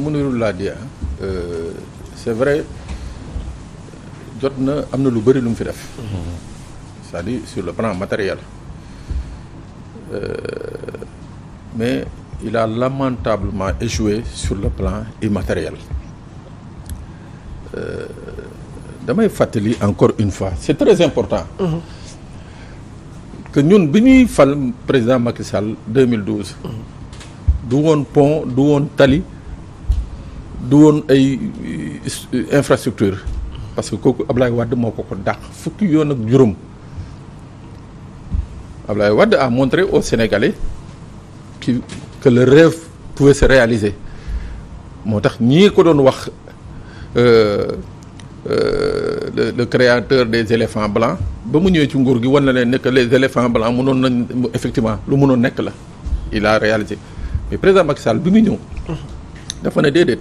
Mounirou laa di ah, euh, c'est vrai jot na am na lu bëri lu mu fi def. cest à sur le plan matériel euh, mais il a lamentablement échoué sur le plan immatériel euh, damay fàttali encore une fois c'est très important. Mm que ñun bi ñuy fal président Macky Sall 2012. du woon pont du woon tali. du woon ay euh, infrastructure parce que kooku Ablaye wadd moo ko ko dàq fukki yoon ak juróom Ablaye wadd a montré aux Sénégalais qui que le rêve pouvait se réaliser moo tax ñii ko doon wax euh, euh, le le créateur des éléphants blancs ba mu ñëwee ci nguur gi wan na leen ne que les éléphants blancs mënoon nañ effectivement lu mënoon nekk la il a réalisé mais président Macky Sall bi muy ñëw. dafa ne déedéet.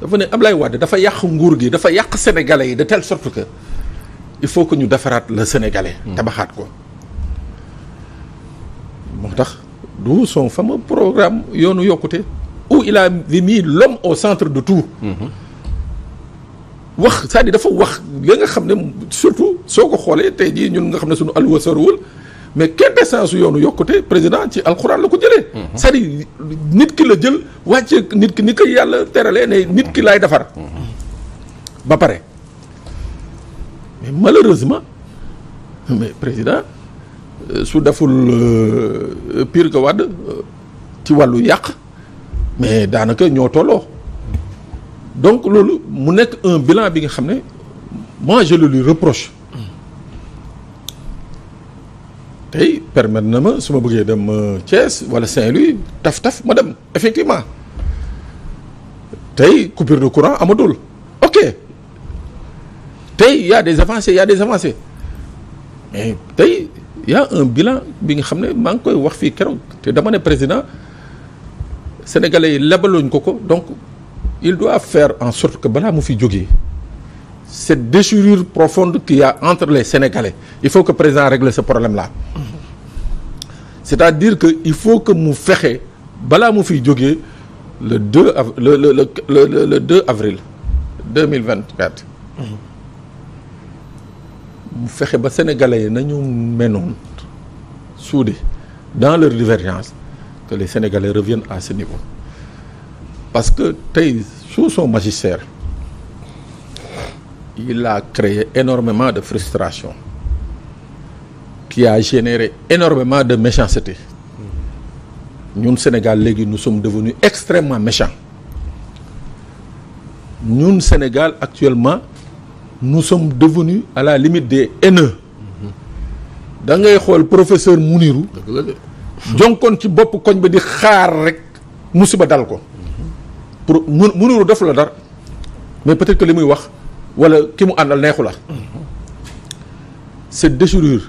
dafa ne Ablaye Wade dafa yàq nguur gi dafa yàq sénégalais yi de tel sorte que il faut que ñu defaraat le sénégalais. Hmm. tabaxaat ko moo tax du son fameux programme yoonu yokkute où il a mis l'homme au centre de tout. Hmm. wax cest à dafa wax li nga xam ne surtout soo ko xoolee tey jii ñun nga xam ne suñu alluwa sorwul mais quintessence yoonu yokkute président ci alxuraan la ko jëlee. Mhm. cest à nit ki la jël wàcce nit ki ni ko yàlla teralee ne nit ki laay defar. Mhm. ba pare mais malheureusement mais président euh, su deful euh, piir que Wade euh, ci wàllu yàq mais daanaka ñoo tolloo donc loolu mu nekk un bilan bi nga xam ne moi je le reproche. tey permettre na ma su ma bëggee dem euh, Thiès wala Saint-Louis taf-taf ma dem effectivement tey coupure de courant amatul ok tey y a des avancées y a des avancées mais tey y a un bilan bi nga xam ne maa ngi koy wax fii keroog te dama ne président sénégalais yi lebaluñ ko ko donc il doit fair en sorte que balaa mu fi jógee cette déchirure profonde qu'il y a entre les Sénégalais il faut que président règle ce problème là c'est-à-dire que il faut que mu fexe balaa mu fiy jógee le 2 av le le le le le 2 avril 2024. mu fexe ba sénégalais yi nañu menoon soudés dans leur divergence que les sénégalais reviennent à ce niveau parce que tey sous son magistère. il a créé énormément de frustration qui a généré énormément de méchanceté ñun Sénégal léegi nous sommes devenus extrêmement méchants ñun Sénégal actuellement nous sommes devenus à la limite des haineux da ngay xool professeur Mouniru jonkoon ci bopp koñ ba di xaar rek musiba dal ko pour Mouniru def la dara mais peut-être que li muy wax wala ki mu àndal neexu la cette déchirure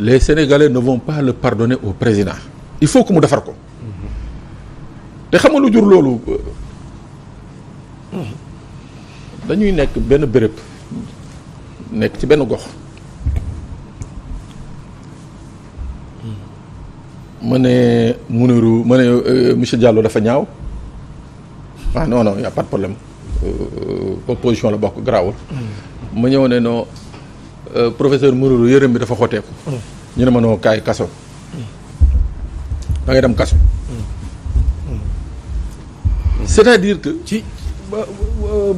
les sénégalais ne vont pardonner au président il faut que mu defar ko te xam nga lu jur loolu dañuy nekk benn béréb nekk ci benn gox ma ne Mounirou ma ne euh, monsieur Diallo dafa ñaaw ah non non y' a pas problème euh, opposition la bokk garaawul. Hmm. ma ñëw ne non euh, professeur Mourou yërëm bi dafa xoteeku. Hmm. ñu ne ma noo kaay kaso. Hmm. da ngay dem kaso. c'est-à-dire que. ci ba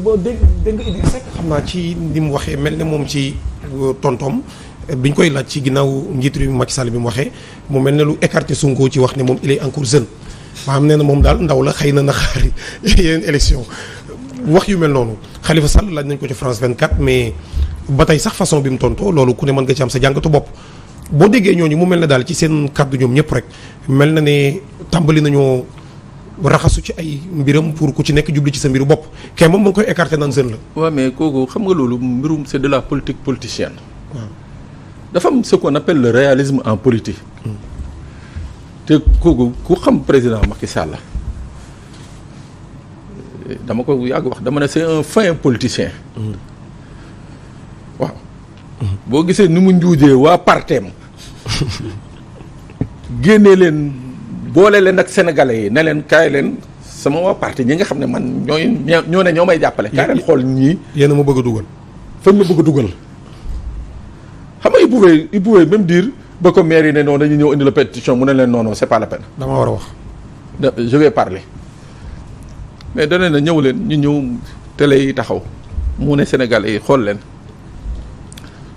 ba dégg dégg nga Idrissa xam naa ci ni mu waxee mel ne moom ci euh, tontom bi ñu koy laaj ci ginnaaw njiitu bi Macky Sall bi mu waxee mu mel ne lu écarté Sonko ci wax ne moom il est encore maanaam nee na moom daal ndaw la xëy na na xaari yeneen élection wax yu mel noonu Khalifa Sall laaj nañ ko ci France quatre mais ba tey sax façon bi mu tontoo loolu ku ne mën nga ci am sa jàngatu bopp boo déggee ñooñu mu mel na daal ci seen kàddu ñoom ñëpp rek mel na ne tàmbali nañoo raxasu ci ay mbiram pour ku ci nekk jublu ci sa mbiru bopp kay moom mu ngi koy écarté naan seen la. waaw mais kooku xam nga loolu mbirum c'est de la politique politicienne. waaw dafa am ce réalisme en politique. Hmm. te kooku ku xam président Macky Sall dama ko yàgg wax dama ne c'est un fin politicien. waaw. boo gisee ni mu njuujee waa parteem génnee leen boole leen ak sénégalais yi ne leen kaay leen sama waa parti ñi nga xam ne man ñooy ñoo ne ñoo may jàppale. kaay leen xool ñii. yéen a ma bëgg a dugal. fan ma bëgg a dugal. xam nga il pouvait il pouvait ba ko maire yi ne noonu dañu ñëw indi la pétition mu ne leen non non c'est pas la peine. dama war a wax. je vais parler mais dana na ñëw leen ñu ñëw télé yi taxaw mu ne Sénégalais yi xool leen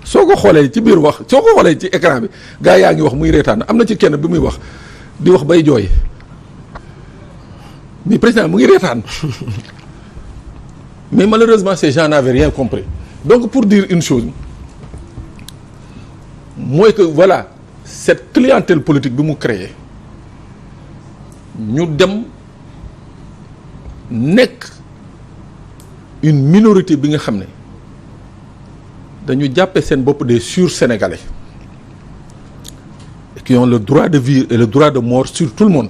soo ko xoolee ci biir wax soo ko xoolee ci écran bi gars yaa ngi wax muy reetaan am na ci kenn bi muy wax di wax bay jooy mais président mu ngi reetaan mais malheureusement ces gens n'avaient rien compris donc pour dire une chose. mooy que voilà cette clientèle politique bi mu créer ñu dem nekk une minorité bi nga xam ne dañu jàppe seen bopp de sur-sénégalais qui ont le droit de vivre et le droit de mort sur tout le monde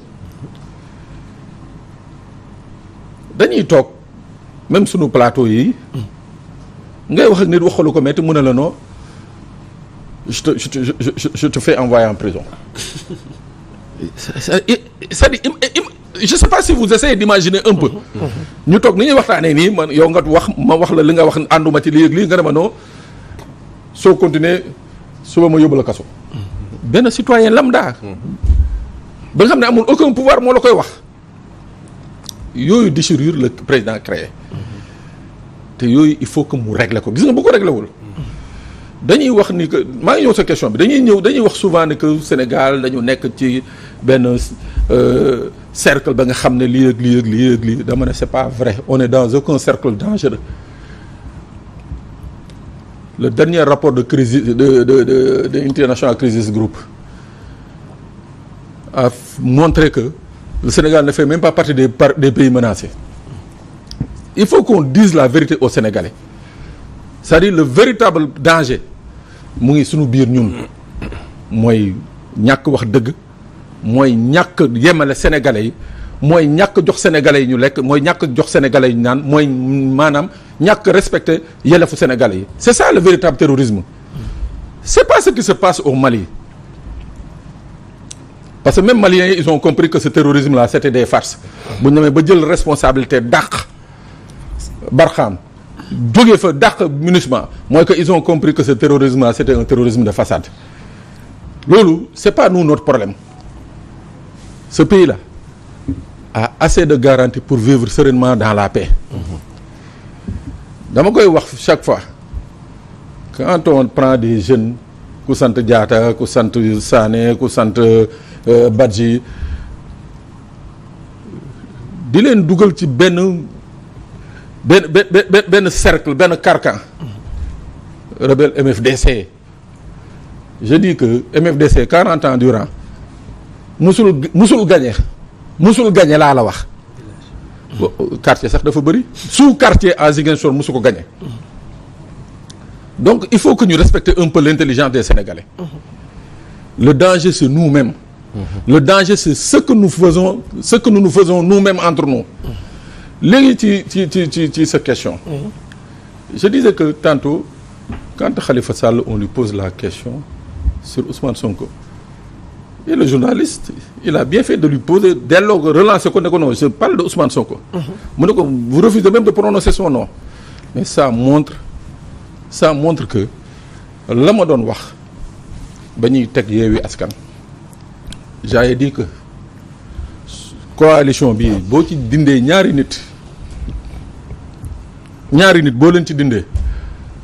dañuy toog même sunu plateau yi ngay wax ak nit waxalu ko metti mu ne la noo je te je te je je je te fais envoyer en prison. c'est-à-dire je sais pas si vous essayez d'imaginer un peu. ñu toog ni ñuy waxtaanee nii man yow nga wax ma wax la li nga wax ànduma ci lii lii nga ne ma non soo continuer suba ma yóbbu la benn citoyen lambda. ba nga xam ne amul aucun pouvoir moo la koy wax. yooyu déchirure la président créé. te yooyu il faut que mu régler ko gis nga bu ko réglé dañuy wax ni que maa ngi ñëw sa question bi dañuy ñëw dañuy wax souvent ne que Sénégal dañu nekk ci benn euh, cercle ba nga xam ne lii ak lii ak lii ak lii dama ne c'est pas vrai on est dans aucun cercle dangereux le dernier rapport de crise de de de de International Crisis Group a montré que le Sénégal ne fait même pas partie des par des pays menacés il faut qu'on dise la vérité au Sénégalais c'est-à-dire le véritable danger mu ngi suñu biir ñun mooy ñàkk wax dëgg mooy ñàkk yemale sénégalais yi mooy ñàkk jox sénégalais yi ñu lekk mooy ñàkk jox sénégalais yi ñu naan mooy maanaam ñàkk respecter yelefu sénégalais yi c'est ça le véritable terrorisme c'est pas ce qui se passe au Mali parce que même Maliens yi ils ont compris que ce terrorisme là c'était des farces bu ñu ba jël responsabilité dàq Barkhane jóge fa dàq MINUSMA mooy que ils ont compris que ce terrorisme là c'était un terrorisme de façade loolu c'est pas nous notre problème ce pays là a assez de garanties pour vivre sereinement dans la paix dama koy wax chaque fois quand on prend des jeunes ku sant Diatta ku sant Sané ku sant euh, Badji di leen dugal ci benn benn benn benn cercle benn carcan rebelle MFDC je dis que MFDC 40 ans durant musul musul gañe musul gañe laa la wax quartier sax dafa bëri sous quartier à Ziguinchor musu ko gañe donc il faut que ñu respecter un peu l'intelligence des Sénégalais le danger c'est nous-mêmes mm-hmm. le danger c'est ce que nous faisons ce que nous nous faisons nous-mêmes entre nous léegi ci ci ci ci ci sa question. Mm-hmm. je disais que tantôt quand Khalifa Sall on lui pose la question sur Ousmane Sonko et le journaliste il a bien fait de lui poser delloo ko relancer ko ne ko non je parle de Ousmane Sonko. Mm-hmm. mu ne ko vous refusez même de prononcer son nom. mais ça montre ça montre que la ma doon wax ba ñuy teg yeewi askan. j'avais dit que coalition bi boo ci dindee ñaari nit. ñaari nit boo leen ci dindee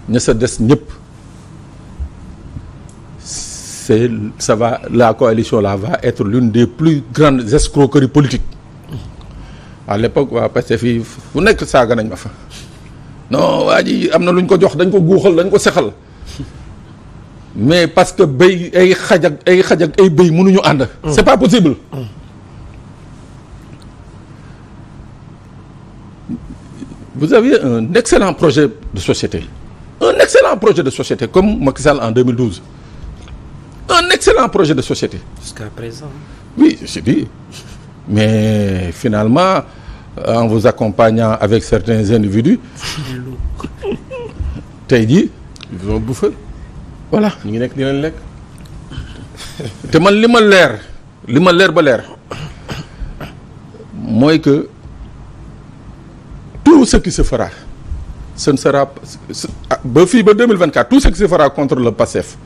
ña sa des ñëpp c'est ça va la coalition là va être l'une des plus grandes escroqueries politiques à l'époque waa Pastef fii fu nekk saaga nañ ma fa non waa ji am na luñ ko jox dañ ko guuxal dañ ko sexal mais parce que béy ay xaj ak ay xaj ak ay béy mënuñu ànd c'est pas possible vous aviez un excellent projet de société un excellent projet de société comme Macky Sall en 2012 un excellent projet de société. jusqu'à présent. oui je dis mais finalement en vous accompagnant avec certains individus. tey jii. ils ont bouffé. voilà ñu ngi nekk di te man li ma leer li ma leer ba leer que. tout ce qui se fera ce ne sera ah, ba fii ba 2024 tout ce qui se fera contre le PASTEF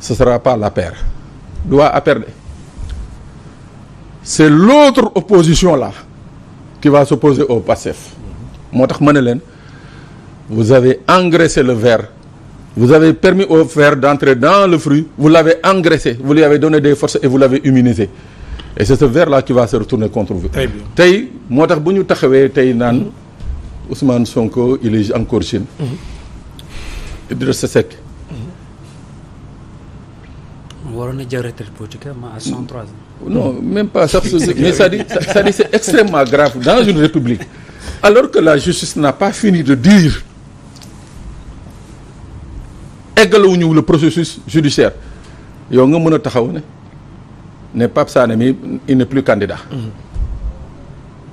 ce sera pas l'APR du waa APR de c'est l'autre opposition là qui va s'opposer au PASTEF moo tax ma ne leen vous avez engraissé le verre vous avez permis au verre d'entrer dans le fruit vous l'avez engraissé vous lui avez donné des forces et vous l'avez immunisé et c'est ce vers là qui va se moo tax bu ñu taxawee tey naan Ousmane Sonko il est encore Chine. Mhm. Idrissa Seck. Mhm. pas sax mais c'est-à-dire cest extrêmement grave dans une république alors que la justice n'a pas fini de dire eggalewuñu le processus judiciaire yow nga mën a taxaw ne. ne Pape Sané mi il n'est plus candidat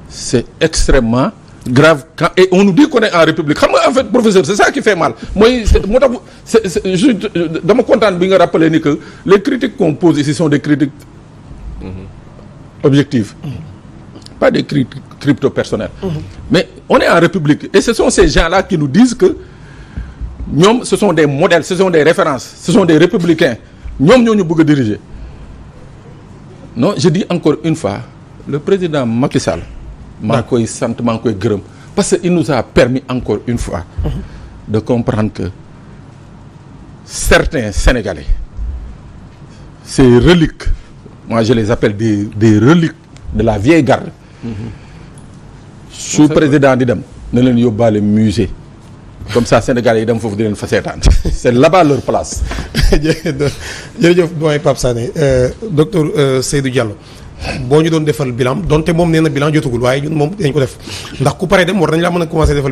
c'est extrêmement grave quand et on nous dit qu'on est en république xam nga en fait professeur c'est ça qui fait mal mooy moo tax dama kontaan bi nga rappeler ni que les critiques qu'on pose ici sont des critiques objectives pas des critiques crypto personnelles mais on est en république et ce sont ces gens-là qui nous disent que ñoom ce sont des modèles ce sont des références ce des républicains ñoom ñoo ñu bëgg a diriger non je dis encore une fois le président Macky maa koy sant maa ngi koy gërëm parce que il nous a permis encore une fois. Mhm. de comprendre que certains Sénégalais ces reliques moi je les appelle des des reliques de la vieille garde. Mhm. su président di dem na leen yóbbaale musée. comme ça Sénégal yi dem foofu di leen fa seetaan c'est là-bas leur place. jërëjëf doyen Pape Sané euh, docteur euh, Seydou Diallo boo ñu doon defal bilan donte moom nee na bilan jotagul waaye ñun moom dañ ko def ndax ku pare dem war nañ laa mën a commencer defal.